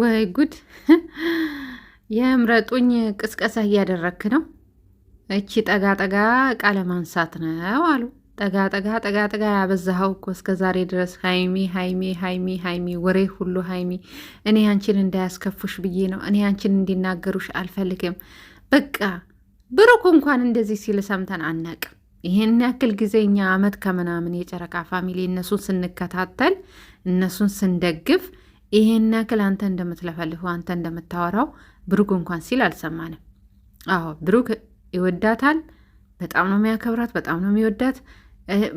ወይ ጉድ! የምረጡኝ ቅስቀሳ እያደረክ ነው። እቺ ጠጋ ጠጋ ቃለ ማንሳት ነው አሉ። ጠጋ ጠጋ ጠጋ ጠጋ ያበዛኸው እኮ እስከ ዛሬ ድረስ ሀይሚ ሀይሚ ሀይሚ ሀይሚ ወሬ ሁሉ ሀይሚ። እኔ አንቺን እንዳያስከፉሽ ብዬ ነው። እኔ አንቺን እንዲናገሩሽ አልፈልግም። በቃ ብሩክ እንኳን እንደዚህ ሲል ሰምተን አናቅም። ይህን ያክል ጊዜ እኛ አመት ከምናምን የጨረቃ ፋሚሊ እነሱን ስንከታተል እነሱን ስንደግፍ ይሄን ያክል አንተ እንደምትለፈልፉ አንተ እንደምታወራው ብሩክ እንኳን ሲል አልሰማንም። አዎ ብሩክ ይወዳታል። በጣም ነው የሚያከብራት፣ በጣም ነው የሚወዳት።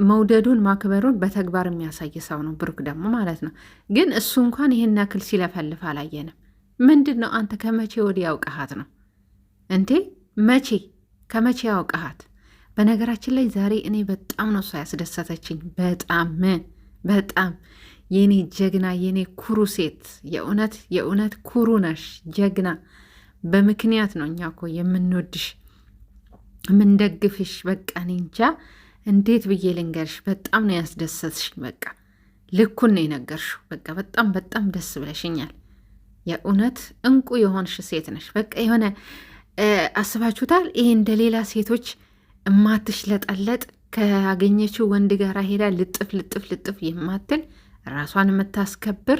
መውደዱን ማክበሩን በተግባር የሚያሳይ ሰው ነው ብሩክ ደግሞ ማለት ነው። ግን እሱ እንኳን ይሄን ያክል ሲለፈልፍ አላየንም። ምንድን ነው አንተ ከመቼ ወዲህ ያውቀሃት ነው እንቴ? መቼ ከመቼ ያውቀሃት? በነገራችን ላይ ዛሬ እኔ በጣም ነው እሷ ያስደሰተችኝ። በጣም በጣም የኔ ጀግና፣ የኔ ኩሩ ሴት፣ የእውነት የእውነት ኩሩ ነሽ፣ ጀግና። በምክንያት ነው እኛ እኮ የምንወድሽ የምንደግፍሽ። በቃ እኔ እንጃ እንዴት ብዬ ልንገርሽ፣ በጣም ነው ያስደሰትሽ። በቃ ልኩን ነው የነገርሽው። በቃ በጣም በጣም ደስ ብለሽኛል። የእውነት እንቁ የሆንሽ ሴት ነሽ። በቃ የሆነ አስባችሁታል? ይሄ እንደ ሌላ ሴቶች እማትሽ ለጠለጥ ከአገኘችው ወንድ ጋር ሄዳ ልጥፍ ልጥፍ ልጥፍ የማትል ራሷን የምታስከብር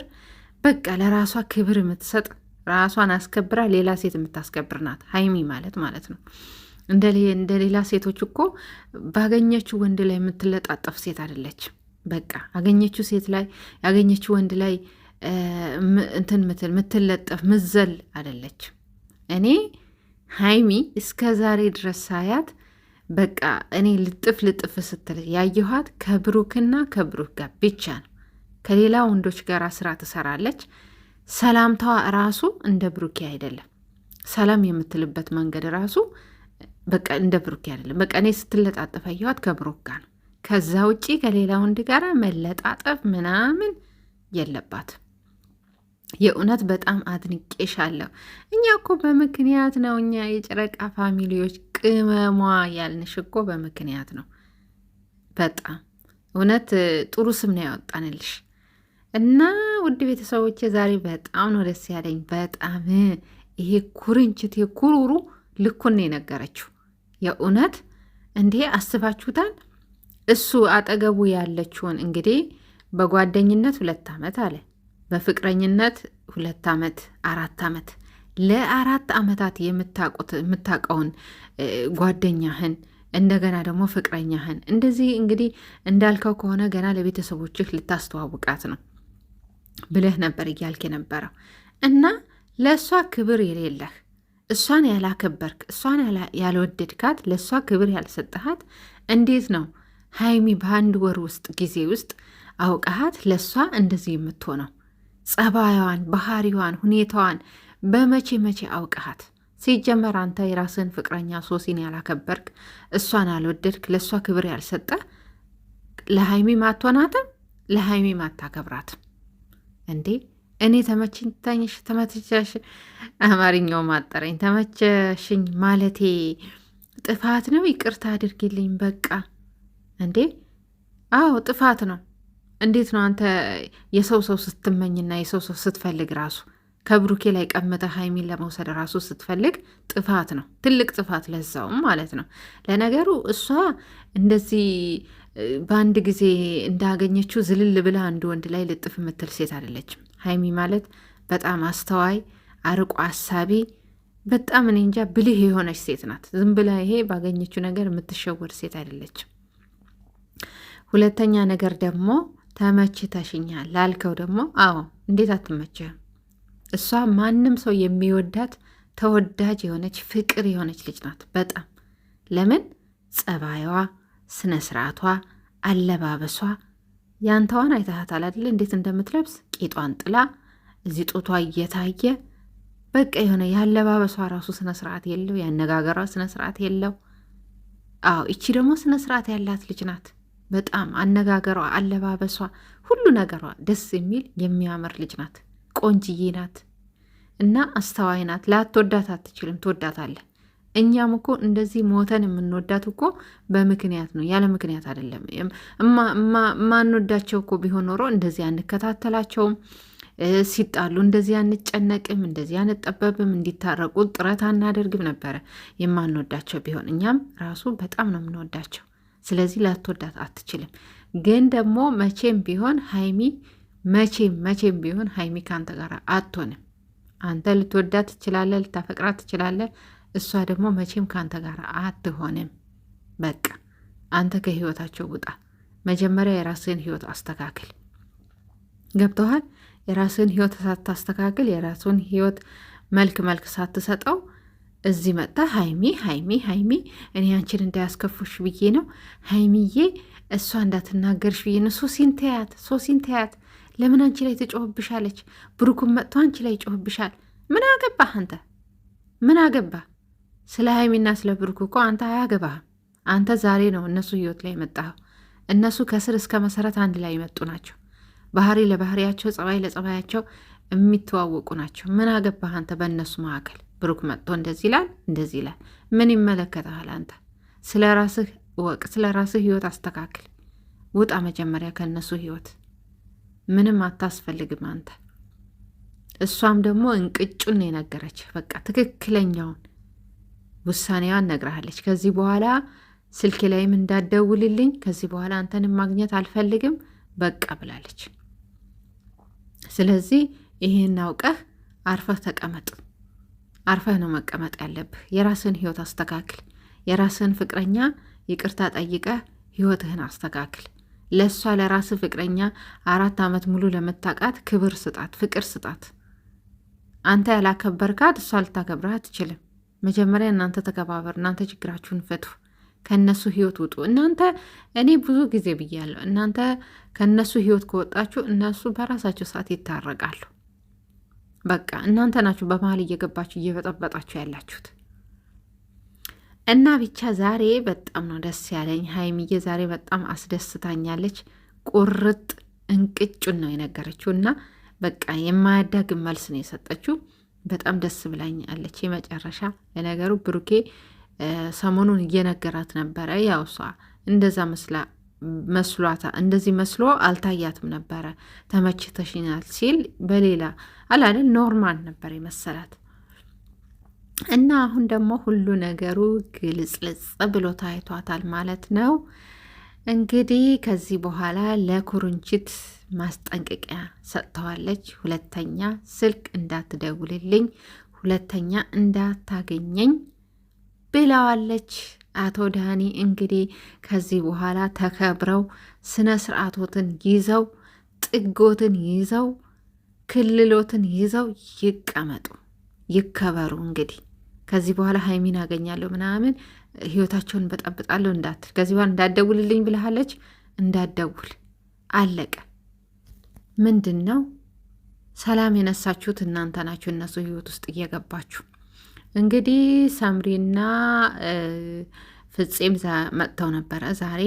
በቃ ለራሷ ክብር የምትሰጥ ራሷን አስከብራ ሌላ ሴት የምታስከብር ናት ሀይሚ ማለት ማለት ነው። እንደ ሌላ ሴቶች እኮ ባገኘችው ወንድ ላይ የምትለጣጠፍ ሴት አይደለች። በቃ አገኘችው ሴት ላይ ያገኘችው ወንድ ላይ እንትን ምትል ምትለጠፍ ምዘል አይደለች። እኔ ሀይሚ እስከ ዛሬ ድረስ ሳያት በቃ እኔ ልጥፍ ልጥፍ ስትል ያየኋት ከብሩክና ከብሩክ ጋር ብቻ ነው። ከሌላ ወንዶች ጋር ስራ ትሰራለች። ሰላምታዋ ራሱ እንደ ብሩኬ አይደለም። ሰላም የምትልበት መንገድ ራሱ በቃ እንደ ብሩኬ አይደለም። በቃ እኔ ስትለጣጠፍ አየኋት ከብሩክ ጋር ነው። ከዛ ውጪ ከሌላ ወንድ ጋር መለጣጠፍ ምናምን የለባት። የእውነት በጣም አድንቄሻለሁ። እኛ እኮ በምክንያት ነው። እኛ የጨረቃ ፋሚሊዎች ቅመሟ ያልንሽ እኮ በምክንያት ነው። በጣም እውነት ጥሩ ስም ነው ያወጣንልሽ። እና ውድ ቤተሰቦች ዛሬ በጣም ነው ደስ ያለኝ። በጣም ይሄ ኩርንችት ይሄ ኩሩሩ ልኩን የነገረችው የእውነት እንዲህ አስባችሁታል። እሱ አጠገቡ ያለችውን እንግዲህ በጓደኝነት ሁለት ዓመት አለ በፍቅረኝነት ሁለት ዓመት አራት ዓመት ለአራት ዓመታት የምታውቀውን ጓደኛህን እንደገና ደግሞ ፍቅረኛህን እንደዚህ እንግዲህ እንዳልከው ከሆነ ገና ለቤተሰቦችህ ልታስተዋውቃት ነው። ብለህ ነበር እያልክ የነበረው እና ለእሷ ክብር የሌለህ እሷን ያላከበርክ እሷን ያልወደድካት ለእሷ ክብር ያልሰጠሃት እንዴት ነው ሀይሚ በአንድ ወር ውስጥ ጊዜ ውስጥ አውቀሃት ለእሷ እንደዚህ የምትሆነው? ጸባይዋን፣ ባህሪዋን፣ ሁኔታዋን በመቼ መቼ አውቀሃት? ሲጀመር አንተ የራስህን ፍቅረኛ ሶሲን ያላከበርክ እሷን ያልወደድክ ለእሷ ክብር ያልሰጠ ለሀይሚ ማትሆናትም ለሀይሚ ማታከብራትም እንዴ እኔ ተመችኝ ታኝሽ አማርኛው ማጠረኝ ተመቸሽኝ ማለቴ ጥፋት ነው። ይቅርታ አድርግልኝ በቃ። እንዴ አዎ ጥፋት ነው። እንዴት ነው አንተ የሰው ሰው ስትመኝና የሰው ሰው ስትፈልግ ራሱ ከብሩኬ ላይ ቀምጠ ሀይሚን ለመውሰድ ራሱ ስትፈልግ ጥፋት ነው፣ ትልቅ ጥፋት ለዛውም ማለት ነው። ለነገሩ እሷ እንደዚህ በአንድ ጊዜ እንዳገኘችው ዝልል ብላ አንድ ወንድ ላይ ልጥፍ የምትል ሴት አይደለችም። ሀይሚ ማለት በጣም አስተዋይ፣ አርቆ አሳቢ በጣም እኔ እንጃ ብልህ የሆነች ሴት ናት። ዝም ብላ ይሄ ባገኘችው ነገር የምትሸወድ ሴት አይደለችም። ሁለተኛ ነገር ደግሞ ተመችተሽኛል ላልከው ደግሞ አዎ እንዴት አትመችህም? እሷ ማንም ሰው የሚወዳት ተወዳጅ የሆነች ፍቅር የሆነች ልጅ ናት። በጣም ለምን ጸባይዋ፣ ስነ ስርዓቷ፣ አለባበሷ ያንተዋን አይታሃታል አይደለ? እንዴት እንደምትለብስ ቂጧን ጥላ እዚህ ጡቷ እየታየ በቃ የሆነ የአለባበሷ ራሱ ስነ ስርዓት የለው፣ የአነጋገሯ ስነ ስርዓት የለው። አዎ እቺ ደግሞ ስነ ስርዓት ያላት ልጅ ናት። በጣም አነጋገሯ፣ አለባበሷ፣ ሁሉ ነገሯ ደስ የሚል የሚያምር ልጅ ናት። ቆንጅዬ ናት እና አስተዋይ ናት። ላትወዳት አትችልም፣ ትወዳታለህ። እኛም እኮ እንደዚህ ሞተን የምንወዳት እኮ በምክንያት ነው፣ ያለ ምክንያት አይደለም። ማንወዳቸው እኮ ቢሆን ኖሮ እንደዚህ አንከታተላቸውም፣ ሲጣሉ እንደዚህ አንጨነቅም፣ እንደዚህ አንጠበብም፣ እንዲታረቁ ጥረት አናደርግም ነበረ የማንወዳቸው ቢሆን። እኛም ራሱ በጣም ነው የምንወዳቸው። ስለዚህ ላትወዳት አትችልም። ግን ደግሞ መቼም ቢሆን ሀይሚ መቼም መቼም ቢሆን ሀይሚ ከአንተ ጋር አትሆንም። አንተ ልትወዳት ትችላለህ፣ ልታፈቅራት ትችላለህ። እሷ ደግሞ መቼም ከአንተ ጋር አትሆንም። በቃ አንተ ከህይወታቸው ውጣ። መጀመሪያ የራስህን ህይወት አስተካክል። ገብተዋል። የራስህን ህይወት ሳታስተካክል የራስን ህይወት መልክ መልክ ሳትሰጠው እዚህ መጣ። ሀይሚ ሀይሚ ሀይሚ እኔ አንቺን እንዳያስከፉሽ ብዬ ነው። ሀይሚዬ እሷ እንዳትናገርሽ ብዬ ነው። ሶሲን ተያት፣ ሶሲን ተያት ለምን አንቺ ላይ ትጮህብሻለች? ብሩክም መጥቶ አንቺ ላይ ይጮህብሻል። ምን አገባህ አንተ? ምን አገባህ? ስለ ሀይሚና ስለ ብሩክ እኮ አንተ አያገባህም። አንተ ዛሬ ነው እነሱ ህይወት ላይ መጣኸው። እነሱ ከስር እስከ መሰረት አንድ ላይ የመጡ ናቸው። ባህሪ ለባህሪያቸው፣ ጸባይ ለጸባያቸው የሚተዋወቁ ናቸው። ምን አገባህ አንተ በእነሱ መካከል? ብሩክ መጥቶ እንደዚህ ይላል እንደዚህ ይላል። ምን ይመለከተሃል አንተ? ስለ ራስህ ወቅ፣ ስለ ራስህ ህይወት አስተካክል። ውጣ መጀመሪያ ከእነሱ ህይወት ምንም አታስፈልግም አንተ። እሷም ደግሞ እንቅጩን የነገረች በቃ ትክክለኛውን ውሳኔዋን ነግረሃለች። ከዚህ በኋላ ስልክ ላይም እንዳደውልልኝ፣ ከዚህ በኋላ አንተንም ማግኘት አልፈልግም በቃ ብላለች። ስለዚህ ይህን አውቀህ አርፈህ ተቀመጥ። አርፈህ ነው መቀመጥ ያለብህ። የራስህን ህይወት አስተካክል። የራስህን ፍቅረኛ ይቅርታ ጠይቀህ ህይወትህን አስተካክል። ለእሷ ለራስህ ፍቅረኛ አራት ዓመት ሙሉ ለመታቃት ክብር ስጣት፣ ፍቅር ስጣት። አንተ ያላከበርካት እሷ ልታከብርህ አትችልም። መጀመሪያ እናንተ ተከባበር፣ እናንተ ችግራችሁን ፈቱ፣ ከእነሱ ህይወት ውጡ። እናንተ እኔ ብዙ ጊዜ ብያለሁ፣ እናንተ ከእነሱ ህይወት ከወጣችሁ እነሱ በራሳቸው ሰዓት ይታረቃሉ። በቃ እናንተ ናችሁ በመሀል እየገባችሁ እየበጠበጣችሁ ያላችሁት። እና ብቻ ዛሬ በጣም ነው ደስ ያለኝ። ሀይሚዬ ዛሬ በጣም አስደስታኛለች። ቁርጥ እንቅጩን ነው የነገረችው እና በቃ የማያዳግም መልስ ነው የሰጠችው። በጣም ደስ ብላኛለች። የመጨረሻ የነገሩ ብሩኬ ሰሞኑን እየነገራት ነበረ። ያው እሷ እንደዛ መስላ መስሏታ እንደዚህ መስሎ አልታያትም ነበረ። ተመችተሽናል ሲል በሌላ አላለ ኖርማል ነበር የመሰላት እና አሁን ደግሞ ሁሉ ነገሩ ግልጽልጽ ብሎ ታይቷታል ማለት ነው። እንግዲህ ከዚህ በኋላ ለኩርንችት ማስጠንቀቂያ ሰጥተዋለች። ሁለተኛ ስልክ እንዳትደውልልኝ፣ ሁለተኛ እንዳታገኘኝ ብለዋለች። አቶ ዳኒ እንግዲህ ከዚህ በኋላ ተከብረው ስነ ስርዓቶትን ይዘው ጥጎትን ይዘው ክልሎትን ይዘው ይቀመጡ፣ ይከበሩ እንግዲህ ከዚህ በኋላ ሀይሚን አገኛለሁ ምናምን ህይወታቸውን በጠብጣለሁ እንዳትል፣ ከዚህ በኋላ እንዳደውልልኝ ብልሃለች፣ እንዳደውል አለቀ። ምንድን ነው ሰላም የነሳችሁት እናንተ ናችሁ፣ እነሱ ህይወት ውስጥ እየገባችሁ እንግዲህ ሰምሪና ፍፄም መጥተው ነበረ ዛሬ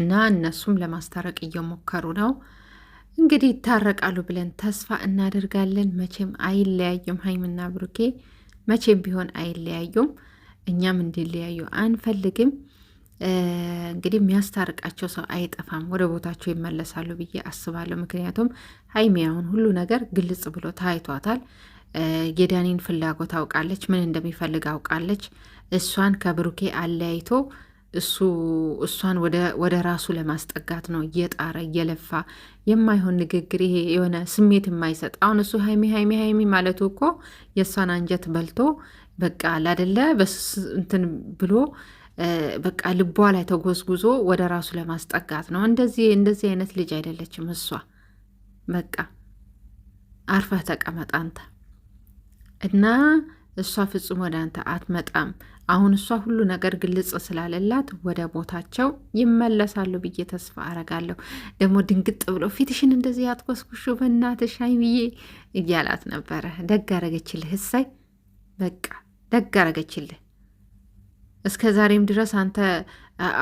እና እነሱም ለማስታረቅ እየሞከሩ ነው። እንግዲህ ይታረቃሉ ብለን ተስፋ እናደርጋለን። መቼም አይለያዩም ሀይሚና ብሩኬ። መቼም ቢሆን አይለያዩም። እኛም እንዲለያዩ አንፈልግም። እንግዲህ የሚያስታርቃቸው ሰው አይጠፋም፣ ወደ ቦታቸው ይመለሳሉ ብዬ አስባለሁ። ምክንያቱም ሀይሚያውን ሁሉ ነገር ግልጽ ብሎ ታይቷታል። የዳኒን ፍላጎት አውቃለች፣ ምን እንደሚፈልግ አውቃለች። እሷን ከብሩኬ አለያይቶ እሱ እሷን ወደ ራሱ ለማስጠጋት ነው እየጣረ እየለፋ። የማይሆን ንግግር፣ ይሄ የሆነ ስሜት የማይሰጥ አሁን እሱ ሀይሚ ሀይሚ ሀይሚ ማለቱ እኮ የእሷን አንጀት በልቶ በቃ አላደለ እንትን ብሎ በቃ ልቧ ላይ ተጎዝጉዞ ወደ ራሱ ለማስጠጋት ነው። እንደዚህ እንደዚህ አይነት ልጅ አይደለችም እሷ። በቃ አርፈህ ተቀመጥ አንተ እና እሷ ፍጹም ወደ አንተ አትመጣም። አሁን እሷ ሁሉ ነገር ግልጽ ስላለላት ወደ ቦታቸው ይመለሳሉ ብዬ ተስፋ አረጋለሁ። ደግሞ ድንግጥ ብሎ ፊትሽን እንደዚህ ያትኮስኩሽ በእናትሽ ሀይሚዬ እያላት ነበረ። ደግ አረገችልህ እሰይ፣ በቃ ደግ አረገችልህ። እስከ ዛሬም ድረስ አንተ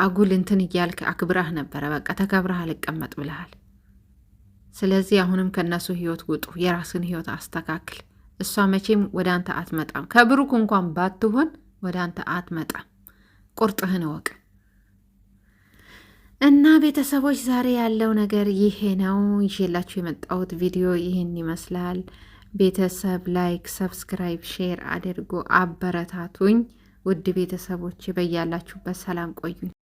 አጉል እንትን እያልክ አክብረህ ነበረ። በቃ ተከብረህ አልቀመጥ ብለሃል። ስለዚህ አሁንም ከእነሱ ህይወት ውጡ፣ የራስን ህይወት አስተካክል። እሷ መቼም ወደ አንተ አትመጣም። ከብሩክ እንኳን ባትሆን ወደ አንተ አትመጣም። ቁርጥህን እወቅ። እና ቤተሰቦች ዛሬ ያለው ነገር ይሄ ነው። ይዤላችሁ የመጣሁት ቪዲዮ ይህን ይመስላል። ቤተሰብ ላይክ፣ ሰብስክራይብ፣ ሼር አድርጎ አበረታቱኝ። ውድ ቤተሰቦች በያላችሁበት ሰላም ቆዩኝ።